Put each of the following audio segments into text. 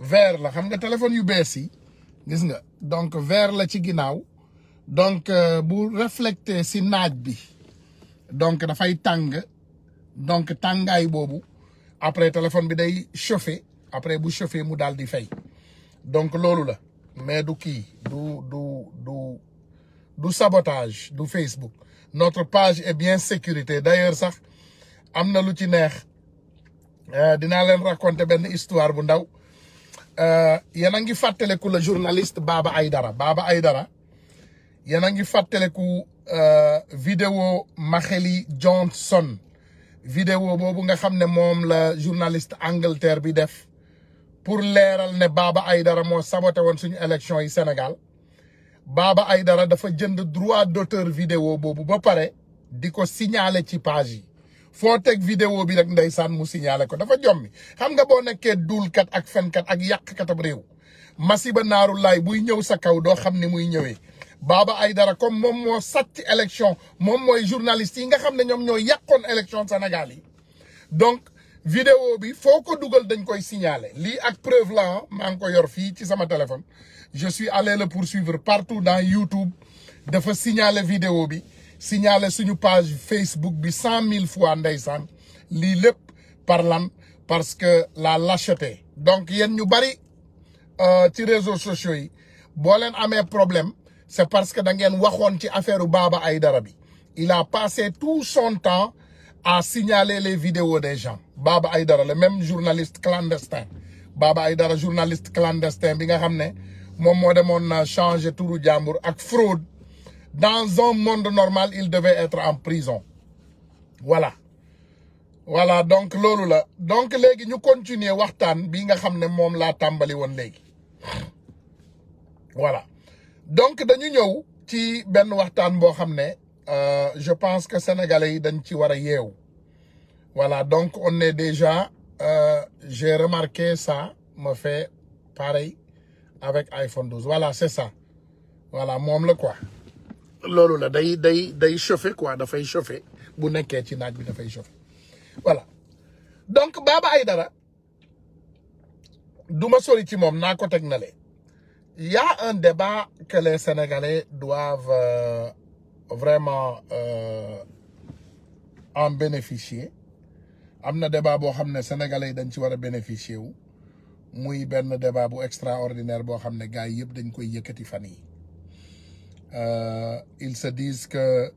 vert la xam nga téléphone yu bees yi gis nga donc ver la ci ginnaaw donc euh, bu reflété si naaj bi donc dafay tàng donc tàngaay boobu après téléphone bi day chauffé après bu chauffé mu daal di fay donc loolu la mais du kii du du du du sabotage du Facebook notre page et bien sécurité d'ailleurs sax am na lu ci neex euh, dinaa leen raconter benn histoire bu ndaw Euh, yéen a ngi fàttaleku la journaliste Baba Aydara Baba dara yéen a ngi fàttaleku euh, vidéo Makhely Johnson vidéo boobu nga xam ne moom la journaliste Angleterre bi def pour leeral ne Baba ay dara moo saboté woon suñu élection yi Sénégal Baba dara dafa jënd droit d'auteur vidéo boobu ba pare di ko signaler ci page yi foo teg vidéo bi rek ndeysaan mu signalé ko dafa jommi xam nga boo nekkee duulkat ak fenkat ak yàqkatab réew masiba naaru laay buy ñëw sa kaw doo xam ni muy ñëwee baaba ay dara comme moom moo sàcc élection moom mooy journaliste yi nga xam ne ñoom ñoo yàqoon élection senegal yi donc vidéo bi foo ko dugal dañ koy signaler lii ak preuve la ah, maa ngi ko yor fii ci sama téléphone je suis allé le poursuivre partout dans YouTube dafa signaler vidéo bi signaler suñu page Facebook bi cent mille fois ndeysaan lii lépp par lan parce que la lâcheté donc yéen ñu bëri euh, ci réseaux sociaux yi boo leen amee problème c'est parce que da ngeen waxoon ci affaire ay dara bi il a tout son temps à signaler les vidéos des gens ay dara le même journaliste clandestin Baba dara journaliste clandestin bi nga xam ne moom moo demoon na euh, changer turu jàmbur ak fraude Dans un monde normal, il devait être en prison. Voilà. Voilà, donc loolu la. Donc léegi ñu continuer waxtaan bi nga xam ne moom laa tàmbali woon léegi. Voilà. Donc dañu ñëw ci benn waxtaan boo xam ne euh, je pense que sénégalais yi dañ ci war a yeewu. Voilà, donc on est déjà euh, j'ai remarqué ça me fait avec iPhone 12. Voilà, c'est ça. Voilà, moom la koi loolu la day day day chauffer quoi dafay chauffer bu nekkee ci naaj bi dafay chauffer voilà donc Baba Aïdara du ma sori ci moom naa ko teg na un débat que les Sénégalais euh, vraiment euh, en bénéficier am na débat boo xam ne Sénégalais yi dañ ci war a bénéficier wu muy benn débat bu extraordinaire boo xam ne gars yi yëpp dañ koy yëkkati fan yi Euh, ils se disent que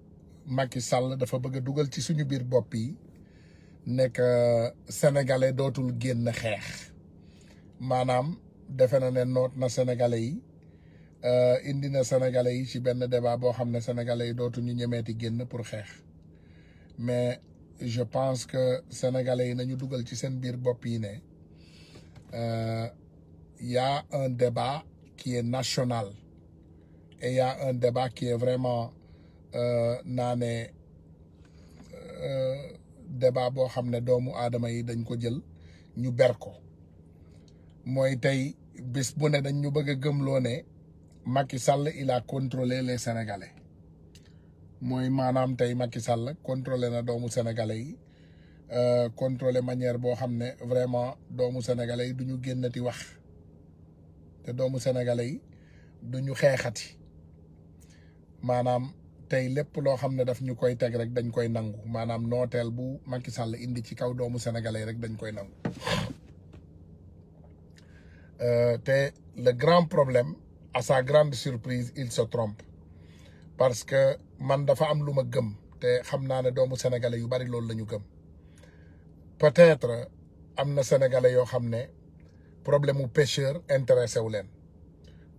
Macky Sall dafa bëgg a dugal ci suñu biir bopp yi nekk sénégalais dootul génn xeex maanaam defe na ne noot na sénégalais yi euh, indi na sénégalais yi ci benn débat boo xam ne sénégalais yi dootuñu ñemeeti génn pour xeex mais je pense que sénégalais yi nañu dugal ci seen biir bopp yi ne euh, y a un débat qui est national Et un débat qui est vraiment euh, naa ne euh, débat boo xam ne doomu aadama yi dañ ko jël ñu ber ko mooy tey bis bu ne dañ ñu bëgg a gëmloo ne Macky Sall il a contrôlé les Sénégalais mooy maanaam tey Macky Sall contrôlé na doomu Sénégalais yi euh, contrôlé manière boo xam ne vraiment doomu Sénégalais yi du ñu génnati wax te doomu Sénégalais yi du ñu xeexati. maanaam tey lépp loo xam ne daf ñu koy teg rek dañ koy nangu maanaam nooteel bu Macky Sall indi ci kaw doomu sénégalais rek dañ koy nangu euh, te le grand problème à sa grande surprise il se trompe parce que man dafa am lu ma gëm te xam naa ne doomu sénégalais yu bari loolu la ñu gëm peut-être am na sénégalais yoo xam ne problème mu pêcheur intéressé wu leen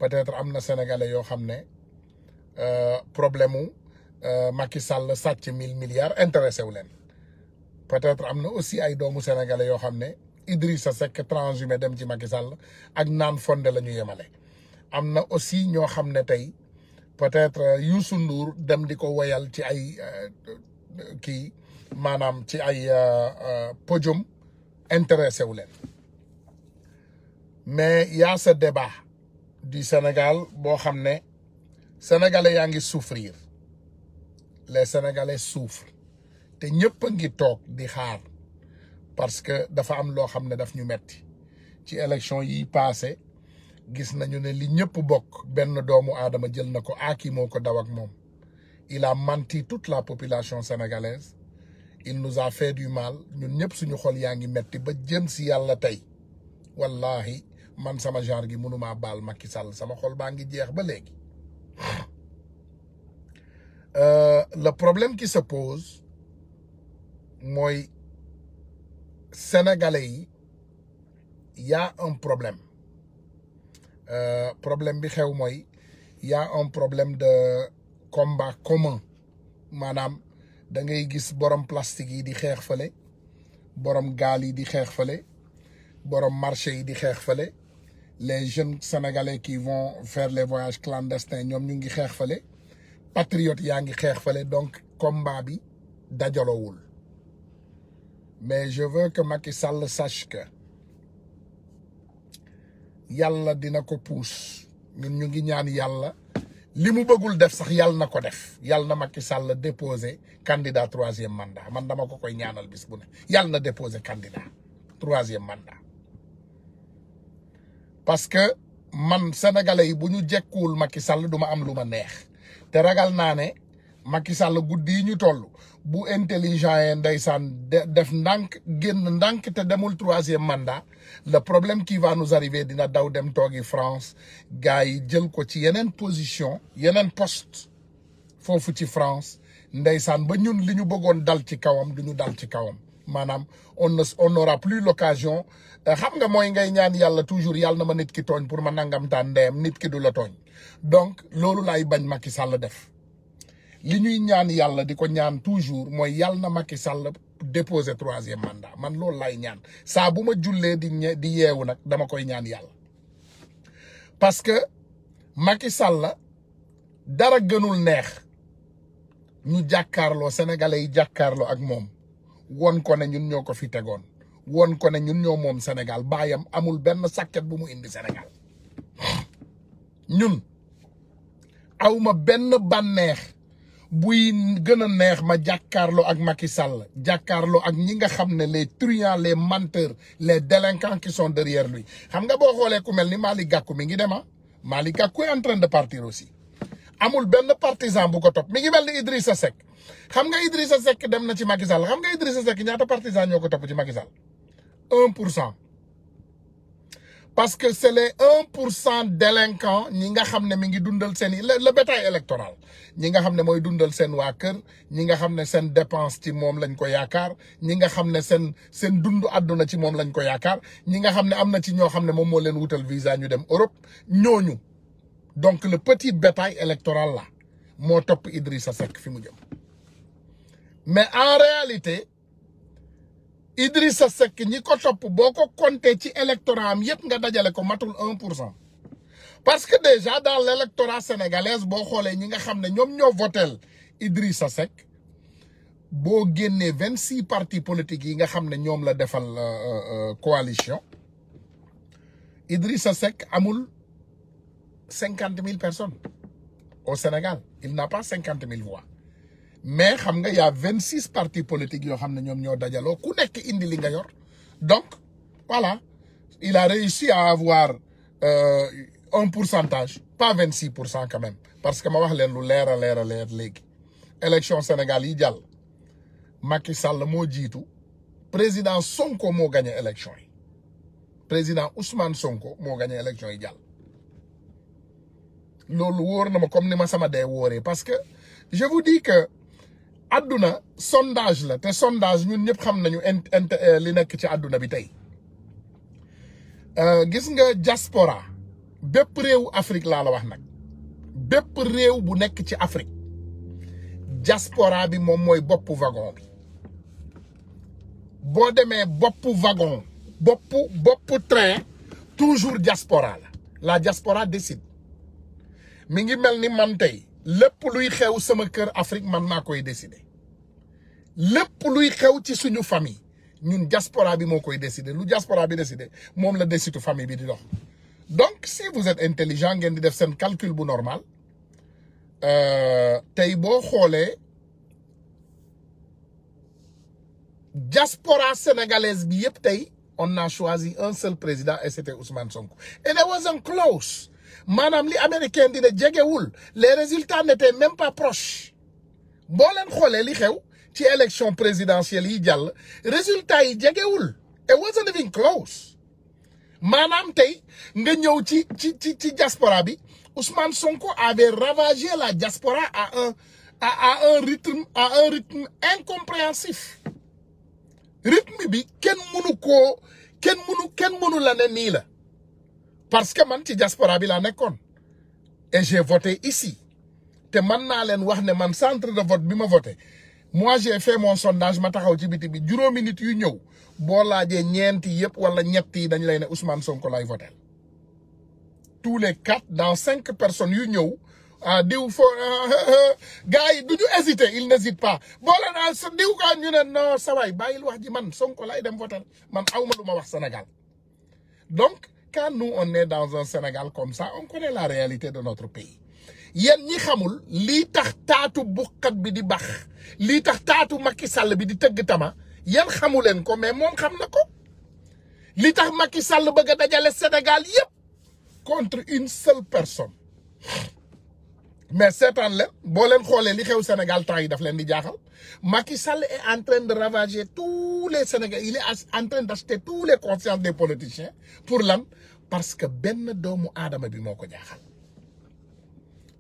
peut-être am na sénégalais yoo xam ne. Euh, problème mu euh, Macky Sall sàcc mille milliards intéressé wu leen peut-être am na aussi ay doomu sénégalais yoo xam ne Idrissa Seck transhumé dem ci Macky Sall ak naan fonde la ñu yemale am na aussi ñoo xam ne tey peut-être euh, yu Ndour dem di ko woyal ci ay kii maanaam ci ay podium intéressé wu mais y a ce débat du Sénégal boo xam ne sénégalais yaa ngi souffrir les sénégalais souffrent te ñëpp a ngi toog di xaar parce que dafa am loo xam ne daf ñu metti ci élection yi passé gis nañu ne li ñëpp bokk benn doomu aadama jël na ko aaki ah, moo ko daw ak moom il a menti toute la population sénégalaise il nous a fait du mal ñun ñëpp suñu xol yaa ngi metti ba jëm si yàlla tey wallahi man sama genre gi mënumaa baal Macky sàll sama xol baa ngi jeex ba léegi Euh, le problème qui se pose mooy sénégalais yi y un problème euh, problème bi xew mooy ya un problème de combat commun maanaam da ngay gis borom plastique yi di xeex fale borom gaal yi di xeex fale borom marché yi di xeex fale les jeunes sénégalais qui vont faire les voyages clandestins ñoom ñu ngi xeex fale patriotes yaa ngi xeex fale donc combat bi dajalowul mais je veux que Macky Sall sache que yàlla dina ko puus ñun ñu ngi ñaan yàlla li mu bëggul def sax yàlla na ko def yàlla na Macky Sall déposé candidat troisième mandat man dama ko koy ñaanal bis bu ne yàlla na déposé candidat troisième mandat parce que man sénégalais yi bu ñu jekkuwul Macky Sall du am lu ma neex te ragal naa ne Macky Sall guddi yi ñu toll bu intelligent yee ndeysaan def ndànk génn ndànk te demul troisième mandaa le problème qui va nous dina daw dem toogi France gars yi jël ko ci yeneen position yeneen post foofu ci France ndeysaan ba ñun li ñu bëggoon dal ci kawam du ñu dal ci kawam maanaam on on n'aura plus l'occasion euh, xam nga mooy ngay ñaan yàlla toujours yàlla na ma nit ki tooñ pour ma nangam taan ndeyam nit ki du la tooñ donc loolu laay bañ maki Sall def li ñuy ñaan yàlla di ko ñaan toujours mooy yàlla na Macky Sall déposer troisième mandat man loolu laay ñaan saa bu ma jullee di di yeewu nag dama koy ñaan yàlla parce que Macky Sall dara gënul neex ñu jàkkaarloo sénégalais yi jàkkaarloo ak moom woon ko ne ñun ñoo ko fi tegoon woon ko ne ñun ñoo moom senegal baayam amul benn sàkket bu mu indi Sénégal ñun awma benn banneex buy gën a neex ma jàkkaarloo ak Macky Sall jàkkaarloo ak ñi nga xam ne les truands les manteur les délinquants qui sont derrière lui xam nga boo xoolee ku mel ni maal Malick Gakou mi ngi dem ah Malick Gakou entre de partir aussi amul benn partisan bu ko topp mi ngi mel ni sa Seck xam nga sa Seck dem na ci Macky Sall xam nga Idrissa Seck ñaata partisan ñoo ko topp ci Macky pour cent parce que c'est les un pour cent délinquants ñi nga xam ne mi ngi dundal seen le bétail électoral ñi nga xam ne mooy dundal seen waa kër ñi nga xam ne seen dépense ci moom lañ ko yaakaar ñi nga xam ne seen seen dund àdduna ci moom lañ ko yaakaar ñi nga xam ne am na ci ñoo xam ne moom moo leen wutal visa ñu dem Europe ñooñu donc le petit bétail électoral la moo topp Idrissa Seck fi mu jëm mais en réalité Idrissa Seck ñi ko topp boo ko compté ci électorat am yëpp nga dajale ko matul un pour cent parce que déjà dans l' électorat sénégalaise boo xoolee ñi nga xam ne ñoom ñoo votel Idrissa Seck boo génnee vingt six partis politiques yi nga xam ne ñoom la defal euh, euh, coalition Idrissa Seck amul cinquante mille personnes au Sénégal il n'a pas cinquante mille voix mais xam nga y a vingt six partis politiques yoo xam ne ñoom ñoo dajaloo ku nekk indi li nga yor donc voilà il a réussi à avoir euh, un pourcentage pas vingt six pour cent quand parce que ma wax leen lu leer a leer a leer léegi élection Sénégal yi jàll Macky Sall moo jiitu président Sonko moo gagné élection yi président Ousmane Sonko moo gagné élection yi jàll loolu wóor na ma comme ni ma sama dee wóoree parce que je vous dis que àdduna sondage la te sondage ñun ñëpp xam nañu int eh, li nekk ci àdduna bi tey euh, gis nga diaspora bépp réew Afrique laa la wax nag bépp réew bu nekk ci Afrique jaspora bi moom mooy boppu wagon bi boo demee bopp wagon boppu boppu train toujours jaspora la la diaspora décide mi ngi mel ni man tey lépp luy xew sama kër Afrique man naa koy décider lépp luy xew ci suñu famille ñun diaspora bi moo koy décider lu diaspora bi décider moom la décidu famille bi di dox donc si vous êtes intelligent ngeen di def seen calcul bu normal euh, tey boo xoolee diaspora sénégalaise bi yëpp tey on naa choisi un seul président et c'était Ousmane Sonko et it wasn't close maanaam li américain dina jegewul les résultats n'étaient même pas proches boo leen xoolee li xew ci élection présidentielle yi jàll résultat yi jegewul it wasn't even close maanaam tey nga ñëw ci ci ci ci diaspora bi Ousmane Sonko avait ravagé la diaspora à un à à un rythme à un bi kenn mënu koo kenn mënu kenn mënu la ne nii la parce que man ci diaspora bi laa nekkoon et j'ai voté ici te man naa leen wax ne man centre de vote bi ma voté moi j'ai fait mon sondage ma taxaw ci biti bi juróomi nit yu ñëw boo laajee ñeenti yëpp wala ñetti yi dañ lay ne Ousmane Sonko lay voté tous les quatre dans cinq personnes yu ñëw ah diw fo ah, ah, ah, gars yi du ñu hésité il n'hésite pas boo la naa sa diw kaa ñu ne non sa waay bàyyil wax ji man Sonko lay dem voté man aw ma lu ma wax Sénégal donc quand on est dans un Sénégal comme sa on connaît la réalité de notre pays. yéen ñi xamul lii tax taatu buqat bi di baax lii tax taatu Macky Sall bi di tëgg tama yéen xamu leen ko mais moom xam na ko li tax Macky sàll bëgg a dajale Sénégal yëpp contre une seule personne mais seetaan leen boo leen xoolee li xew Sénégal temps yi daf leen di jaaxal Macky Sall est en train de ravager tous les Sénégalais il est en train d'acheter tous les consciences des politiciens pour lan parce que benn doomu aadama bi moo ko jaaxal.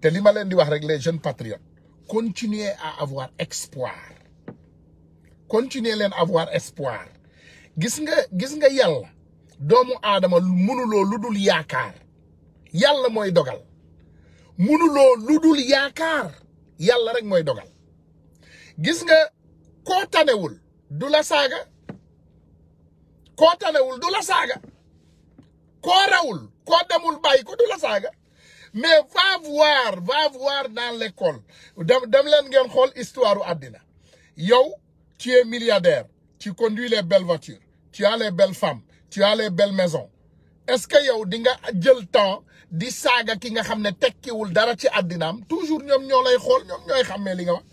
te li ma leen di wax rek les jeunes patriotes continuez à avoir espoir continuez leen avoir espoir gis nga gis nga yàlla doomu aadama mënuloo lu dul yaakaar yàlla mooy dogal munuloo lu dul yaakaar yàlla rek mooy dogal gis nga koo tanewul du la saaga koo tanewul du la saaga koo rawul koo demul bàyyi ko du la saaga mais va voir va voir dans l'école dem dem leen ngeen xool histoire u àddina yow tu es milliardaire tu conduis les belles voitures tu as les belles femmes tu as les est-ce que yow di nga jël temps di saaga ki nga xam ne tekkiwul dara ci àddinaam toujours ñoom ñoo lay xool ñoom ñooy xamee li nga wax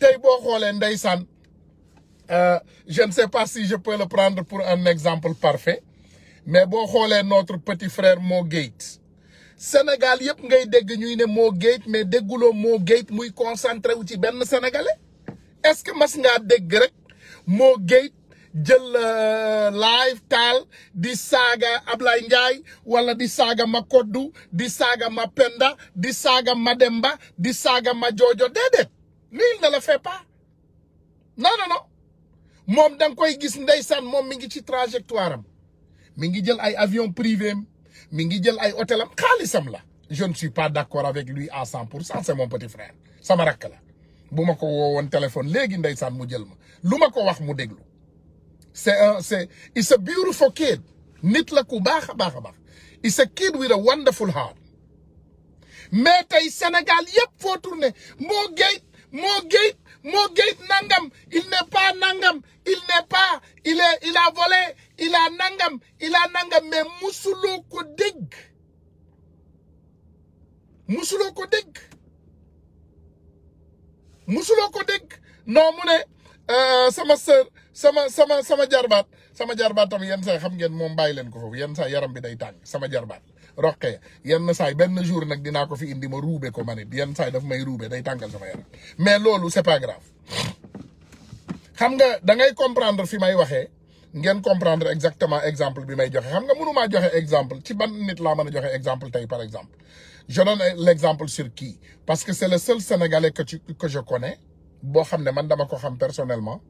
tey boo xoolee ndeysaan euh, je ne sais pas si je peux le prendre pour un exemple parfait mais boo xoolee notre petit frère moo Gates Sénégal yëpp ngay dégg ñuy ne moo géej mais dégguloo moo géej muy concentré wu ci benn sénégalais est-ce que mas ngaa dégg rek moo géej jël euh, live taal di saaga Ablaye Ndiaye wala di saaga ma koddu di saaga ma penda di saaga ma demba di saaga ma joojo déedéet nul ne le fait pas non moom da nga koy gis ndeysaan moom mi ngi ci trajectoire mi ngi jël ay avion privé mi ngi jël ay hôtelam xaalisam la je ne suis pas d' accord avec lui à cent pour cent c' est sama rakk la bu ma ko woowoon téléphone léegi ndeysaan mu jël ma lu ma ko wax mu déglu c' est un c' est it's a nit la ku baax a baax a baax it's a kid with a wonderful tey Sénégal yëpp foo tourné moo géej moo géej moo géej nangam il n' est nangam il n' est il est il a volé ilaa nangam ilaa nangam mais musuloo ko dégg musuloo ko dégg musuloo ko dégg non mu ne euh, sama sœur sama sama sama jarbaat sama jarbaat tam yenn saay xam ngeen moom bàyyi leen ko foofu yenn saay yaram bi day tàng sama jarbaat roqee yenn saay benn jour nag dinaa ko fi indi ma ruube ko manit yenn saay daf may ruube day tàngal sama yaram mais loolu c'est xam nga dangay comprendre fi may waxee ngeen comprendre exactement exemple bi may joxe xam nga mënu maa joxe exemple ci ban nit laa mën a joxe exemple tey par exemple je donne l'exemple sur qui parce que c'est le seul sénégalais que tu que je connais boo xam ne man dama ko xam personnellement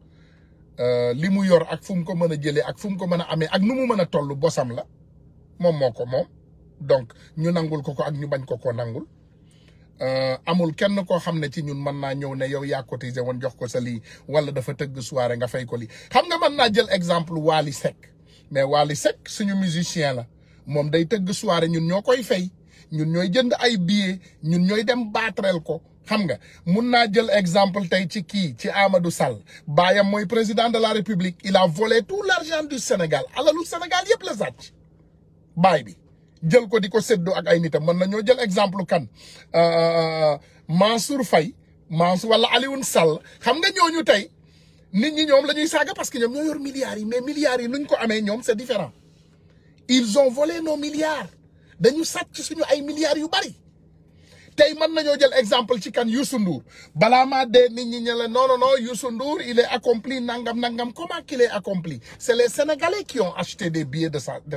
euh, li mu yor ak fu mu ko mën a jëlee ak fu mu ko mën a amee ak nu mu mën a tollu bosam la moom moo ko moom donc ñu nangul ko ko ak ñu bañ ko ko nangul Euh, amul kenn koo xam ne ci ñun mën naa ñëw ne yow yaa cotisé woon jox ko sa lii wala dafa tëgg soirée nga fay ko li xam nga mën naa jël exemple Wally Seck mais Wally Seck suñu musicien la moom day tëgg soirée ñun ñoo koy fay ñun ñooy jënd ay billets ñun ñooy dem baatreel ko xam nga mun naa jël exemple tey ci kii ci Amadou Sall baayam mooy président de la République il a volé tout l'argent du Sénégal alalu Sénégal yëpp la sàcc baay bi jël ko di ko séddoo ak ay nitam mën nañoo jël exemple kan fay euh, euh, euh, Faye Mansour wala Alioune Sall xam nga ñooñu tey nit ñi ñoom lañuy ñuy saaga parce que ñoom ñoo yor milliards yi mais milliards yi nuñ ko amee ñoom se différent ils ont volé nos milliards dañu sàcc suñu ay milliards yu bari tey mën nañoo jël exemple ci kan Youssou Ndour balaa maa dee nit ñi ñu la non non non Youssou Ndour il est accompli nangam nangam comment qu'il est accompli c'est les Sénégalais qui ont acheté de sa de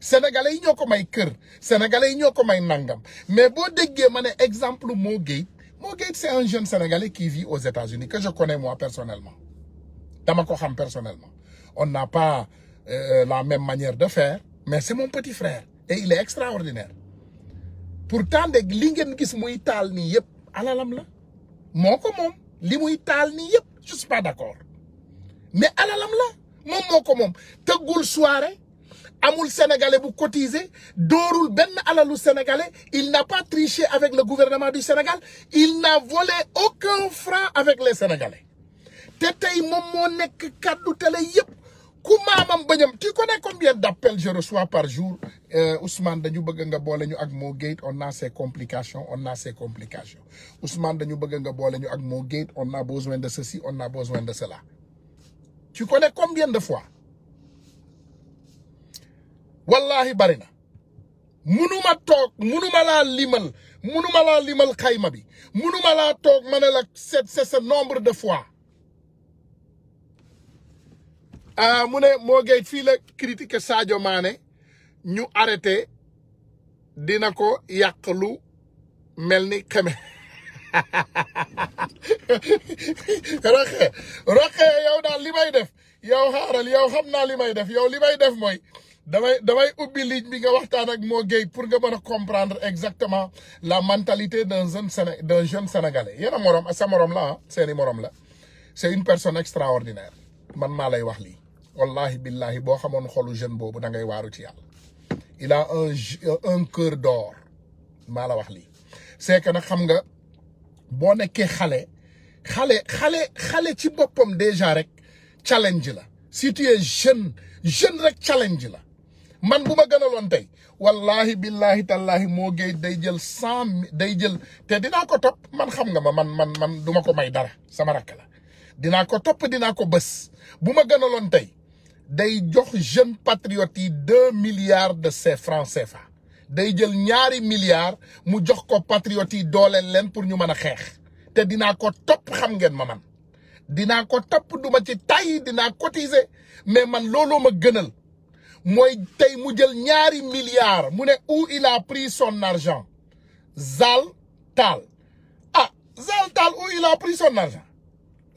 sénégalais yi ñoo ko may kër sénégalais yi ñoo ko may nangam mais boo déggee ma ne exemple Mo Gates moo Gates c'est un jeune sénégalais kii vit aux États-Unis que je connais moi personnellement dama ko xam personnellement on n'a pas euh, la même manière de faire mais c'est mon petit frère et il est extraordinaire pourtant de li ngeen gis muy taal ni yëpp alalam la moo ko moom li muy taal nii yëpp je pas d'accord mais alalam la moo ko moom tëggul soirée amul sénégalais bu cotisé doorul benn alalu sénégalais il n'a pas triché avec le gouvernement du Sénégal il n'a volé aucun franc avec les sénégalais te tey moom moo nekk kaddu télé yëpp ku maamam bañam tu connais combien d'appels je reçois par jour euh, Ousmane dañu bëgg nga boole ñu ak moo gate on na ses complications on a ses complications Ousmane dañu bëgg nga boole ñu ak moo gate on a besoin de ceci on a besoin de cela tu connais combien de fois wallahi bari na munuma toog munuma laa limal munuma laa limal xayma bi munuma laa toog ma ne la c'est ce nombre de fois ah mu ne moo gay fii la critiquer Sadio Mané ñu arrêté dina ko yàq lu mel ni xeme roxe roxe yow daal li may def yow xaaral yow xam naa li may def yow li may def mooy damay damay ubbi ligne bi nga waxtaan ak moo géey pour nga mën a comprendre exactement la mentalité d'un jeune Séné d'un jeune sénégalais yéen a morom sa morom la ah seeni morom la c'est une personne extraordinaire man maa lay wax lii wallahi billahi boo xamoon xolu jeune boobu dangay ngay waaru ci yàlla il a un un cœur d'or maa la wax lii c'est que nag xam nga boo nekkee xale xale xale xale ci boppam déjà rek challenge la si tu es jeune jeune rek challenge la man bu ma gënaloon tey wallahi billahi tallahi moo géej day jël cent day jël te dinaa ko topp man xam nga ma man man man du ma ko may dara sama rakk la dinaa ko topp dinaa ko bës bu ma gënaloon tey day jox jeune patriote yi deux milliards de ces francs CFA day jël ñaari milliards mu jox ko patriote yi dooleel leen pour ñu mën a xeex te dinaa ko topp xam ngeen ma man dinaa ko topp duma ci tay dinaa cotiser mais man looloo ma gënal mooy tey mu jël ñaari milliards mu ne où il a pris son argent Zal Taal ah Zal Taal où il a pris son argent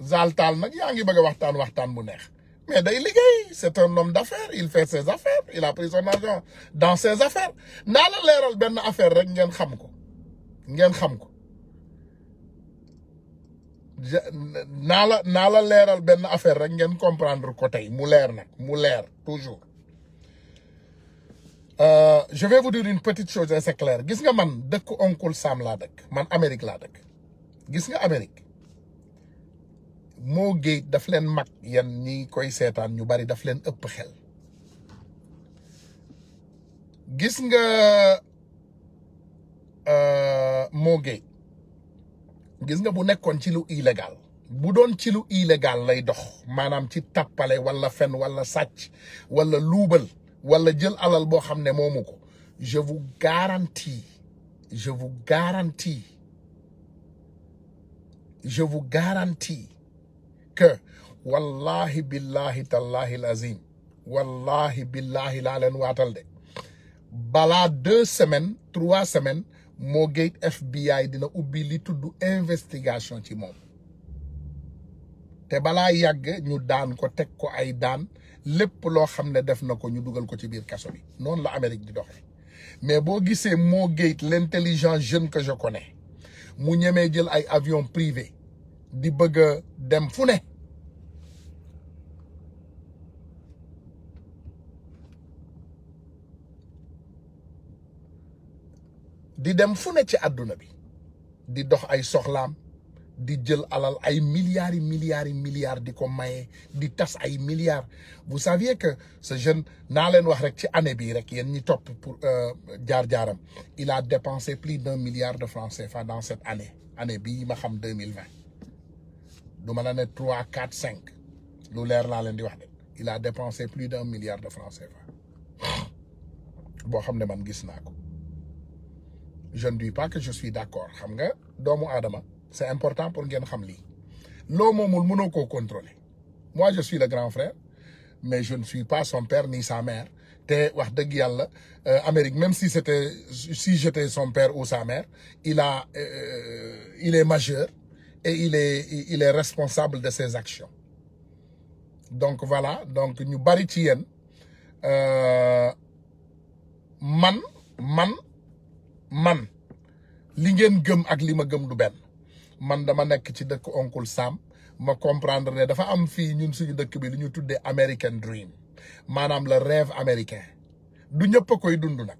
Zal Taal nag yaa ngi bëgg waxtaan waxtaan bu neex mais day liggéey c'est un homme d'affaires il fait ses affaires il a pris son argent dans ses affaires naa la leeral benn affaire rek ngeen xam ko ngeen xam ko naa la naa leeral benn affaire rek ngeen comprendre ko tey mu leer nekk mu leer toujours Euh, je vais vous dire une petite gis nga man dëkk oncle Sam laa dëkk man Amérique laa dëkk gis nga Amérique moo géej daf leen mag yen ñi koy seetaan ñu bari daf leen ëpp xel gis nga euh, moo géej gis nga bu nekkoon ci lu illégal bu doon ci lu illégal lay dox maanaam ci tappale walla fen wala sàcc wala luubal wala jël alal boo xam ne moomu ko je vous garantis je vous garantis je vous garantis que wallahi billahi tallahi lazim wallahi billahi laa leen waatal de balaa deux semaines trois semaines moo gate FBI dina ubbi li tudd investigation ci moom te balaa yàgg ñu daan ko teg ko ay daan lépp loo xam ne def na ko ñu dugal ko ci biir kaso bi noonu la Amérique di doxee mais boo gisee moo gate l'intelligent jeune que je connais mu ñemee jël ay avion privé di bëgg dem fu ne di dem fu ne ci àdduna bi di dox ay soxlaam di jël alal ay milliards yi milliards yi milliards di ko maye di tas ay milliards vous saviez que ce jeune naa leen wax rek ci année bii rek yéen ñi topp pour euh, jaar-jaaram il a dépensé plus d'un milliard de francs CFA dans cette année année bii ma xam deux mille du ma la ne trois quatre cinq lu leer laa leen di wax de il a dépensé plus d'un milliard de francs CFA boo xam ne man gis naa ko je ne dis pas que je suis d'accord xam nga doomu aadama c'est important pour ngeen xam lii loo moomul mënoo koo contrôler moi je suis le grand frère mais je ne suis pas son père ni sa mère te wax dëgg yàlla euh, Amérique même si c'était si j'étais son père ou sa mère il a euh, euh il est majeur et il est responsable de ses actions donc voilà donc ñu bari ci yéen euh, man man man li ngeen gëm ak li ma gëm lu benn man dama nekk ci dëkk onkul Sam ma comprendre ne dafa am fii ñun suñu dëkk bi lu ñu tuddee American dream maanaam le rêve américain du ñëpp a koy dund nag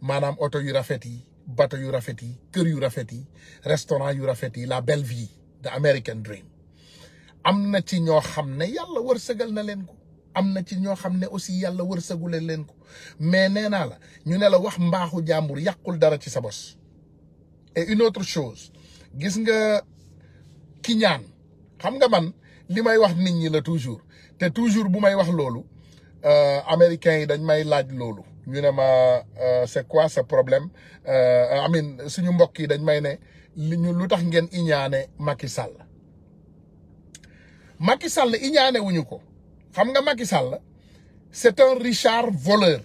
maanaam oto yu rafet yi bato yu rafet yi kër yu rafet yi restaurant yu rafet yi la belle vie de American dream am na ci ñoo xam ne yàlla wërsëgal na leen ko am na ci ñoo xam ne aussi yàlla wërsëgule leen ko mais nee naa la ñu ne la wax mbaaxu jàmbur yàqul dara ci sa bos et une autre gis nga ki ñaan xam nga man li may wax nit ñi la toujours te toujours bu may wax loolu euh, américains yi dañ may laaj loolu ñu ne ma euh, c'est quoi ce problème euh, amin suñu mbokk yi dañ may ne li ñu lu tax ngeen iñaane maki Sall Macky Sall iñaane wuñu ko xam nga Macky Sall c'est un Richard voleur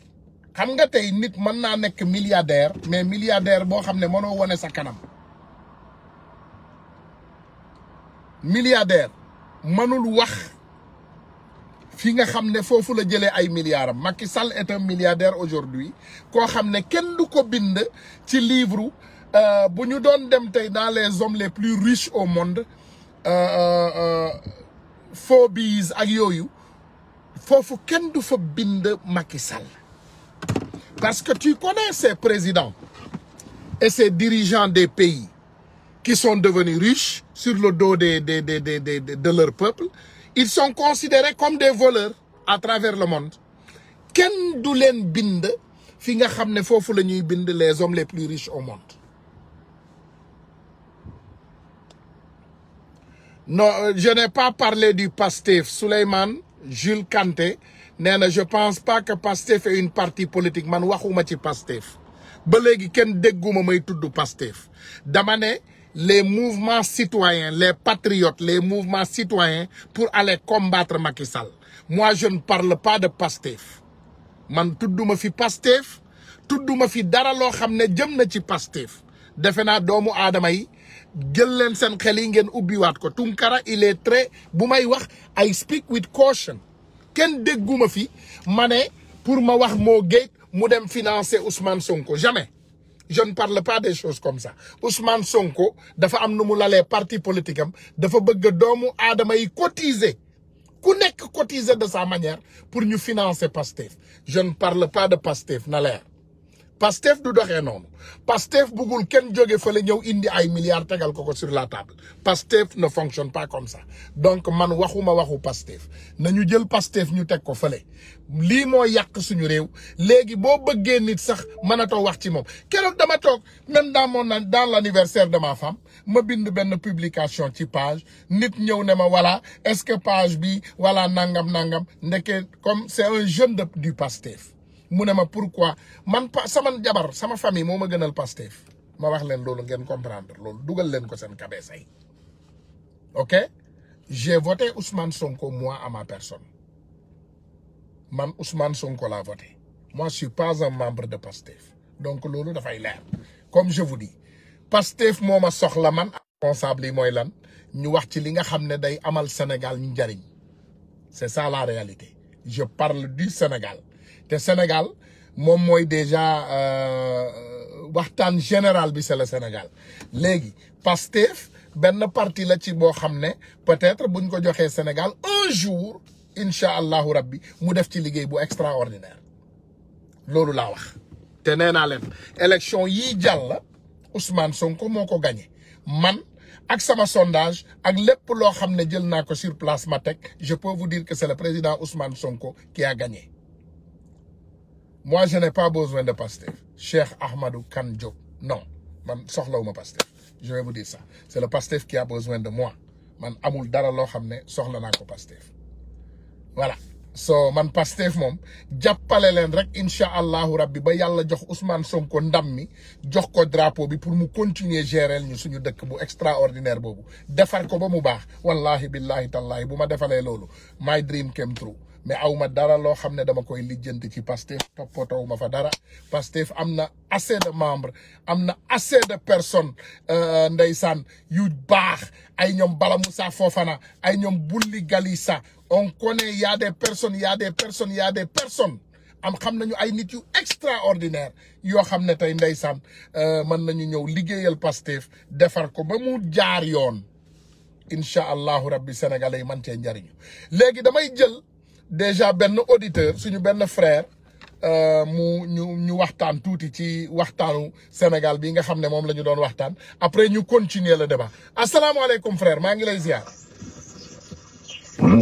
xam nga tey nit mën naa nekk milliardaire mais milliardaire boo xam ne mënoo wane sa kanam milliardaire mënul wax fi nga xam ne foofu la jëlee ay milliards am Macky Sall est un milliardaire aujourd'hui koo xam ne kenn du ko bind ci livre euh, bu ñu doon dem tey dans les hommes les plus riches au monde Forbes euh, euh, ak yooyu foofu kenn du fa bind Macky Sall parce que tu connais président présidents et ces dirigeants des pays qui sont devenus riches sur le dos des, des, des, des, de leur peuple, ils sont considérés comme des voleurs à travers le monde. Ken du len bind fi nga xam xamné fofu lañuy bind les hommes les plus riches au monde. Non, euh, je n'ai pas parlé du Pastef Souleymane Jules Kanté néna je pense pas que Pastef est une partie politique man waxuma ci Pastef. Ba légui ken dégguma may tuddu Pastef. Dama né les mouvements citoyens, les patriotes, les mouvements citoyens pour aller combattre Macky Sall. Moi, jeune par le pas de Pastef. man tudduma fi Pastef tudduma fi dara loo xam ne jëm na ci Pastef defe naa doomu aadama yi jël leen seen xel yi ngeen ubbiwaat ko Tunkara il est très bu may wax I speak with caution kenn dégguma fi ma ne pour ma wax moo géej mu dem financer Ousmane Sonko jamais je ne parle pas des choses comme ça Ousmane Sonko dafa am nu mu lalee parti politique am dafa bëgg doomu aadama yi cotiser ku nekk cotiser de sa manière pour ñu financer Pastef je ne parle pas de Pastef na leer Pastef du doxee noonu Pastef bëggul kenn jóge fa ñëw indi ay milliards tegal ko ko sur la table Pastef ne fonctionne pas comme ça donc man waxuma waxu Pastef nañu jël Pastef ñu teg ko fële lii moo yàq suñu réew léegi boo bëggee nit sax mënatoo wax ci moom keroog dama toog même dans mon dans l' anniversaire de ma ma bind benn publication ci page nit ñëw ne ma voilà est ce que page bi voilà nangam nangam ndeke comme c' est un jeune de du Pastef mu ne ma pourquoi man pa sama jabar sama famille moo ma gënal Pastef ma wax leen loolu ngeen comprendre loolu dugal leen ko seen cabeça yi ok j'ai voté Ousmane Sonko moi à ma personne man Ousmane Sonko laa voté moi je pas un membre de Pastef donc loolu dafay leer comme je vous dis Pastef moo ma soxla man responsable yi mooy lan ñu wax ci li nga xam ne day amal Sénégal njariñ c'est ça la réalité je parle du Sénégal te Sénégal moom mooy déjà euh, waxtaan général bi c'est le Sénégal léegi Pastef benn parti la ci boo xam ne peut-être buñ ko joxee Sénégal un jour incha allahu rabbi mu def ci liggéey bu extraordinaire loolu laa wax. te nee naa leen élection yi jàll Ousmane Sonko moo ko gagné man ak sama sondage ak lépp loo xam ne jël naa ko sur place ma teg je peux vous dire que c'est le président Ousmane Sonko qui a gagné. moi je n'ai pas besoin de Pastef Cheikh Ahmadou Kane Diop non man soxlawuma Pastef je vais vous dire ça c'est le Pastef qui a besoin de mois man amul dara loo xam ne soxla naa ko Pastef voilà soo man Pastef moom jàppale leen rek incha allahu rabbi ba yàlla jox Ousmane Sonko ndam mi jox ko drapo bi pour mu continuer gérer ñu suñu dëkk bu extraordinaire boobu defar ko ba mu baax wallahi billahi tallahi bu ma defalee loolu my dream came true mais aw ma dara loo xam ne dama koy lijjanti ci Pastef toppatoo ma fa dara Pastef am na assez de membres am na assez de personnes euh, ndeysaan yu baax ay ñoom Bala Moussa Fofana ay ñoom Bulli Galissa on connaît y des personnes y a des personnes y des personnes am xam nañu ay nit yu extraordinaire yoo xam ne tey ndeysaan euh, mën nañu ñëw liggéeyal Pastef defar ko ba mu jaar yoon incha allahu rabbi sénégalais yi man cee njariñu léegi damay jël. déjà benn auditeur suñu benn frère euh, mu ñu waxtaan tuuti ci waxtaanu Sénégal bi nga xam ne moom la ñu doon waxtaan après ñu continuer le débat asalaamaaleykum frère maa ngi lay ziar.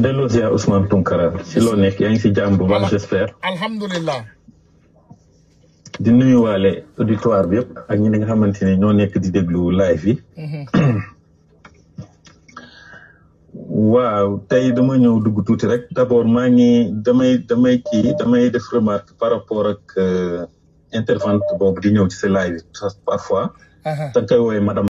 delloo ziar Ousmane Tounkara si loo nekk yaa ngi si jàmm bu baax j'espère. alhamdulilah. di nuyuwaale auditoire bi yëpp ak ñi nga xamante ni ñoo nekk di déglu live yi. Mm-hmm. waaw tey dama ñëw dugg tuuti rek d'abord maa ngi damay damay kii damay def remarque par rapport ak euh, intervente boobu di ñëw ci sa live parfois. Ah, ah. da nga koy